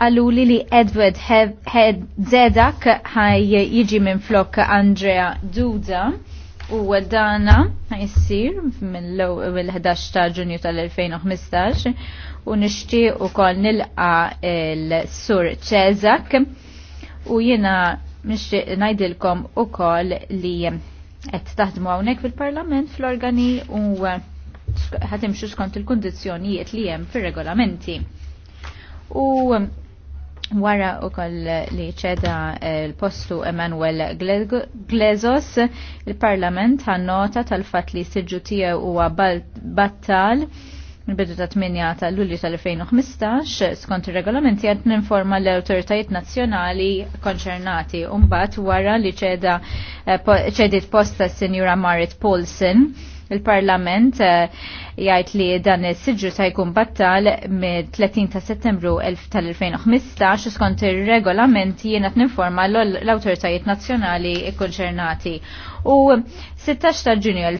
għallu li Edward Zedak ħaj jiġi minn flok Andrea Duda u dana ħajsir mill-11 ta' ġunju tal-2015 u nishti u kol nilqa l-sur Cezak u jina nishti najdilkom u kol li qed taħdmu hawnhekk fil-Parlament fl-organi u ħatimxu skont il-kundizzjonijiet li hemm fir-regolamenti. U Wara u koll li ċeda l-postu Emanuel Glezos, il-Parlament għannota tal-fat li siġu tiegħu huwa battal il bidu ta' 8 ta' Lulju tal-2015 skont ir-regolamenti qed ninforma l-awtoritajiet nazzjonali konċernati u mbagħad wara li ċeda eh, ċedit post ta' Sinjura Marit Paulsen il-Parlament eh, jgħid li dan is-siġġu ta' jkun battal mid-30 ta' Settembru tal-2015 skont ir-regolament jiena ninforma l-awtoritajiet nazzjonali konċernati u 16 ta' Ġunju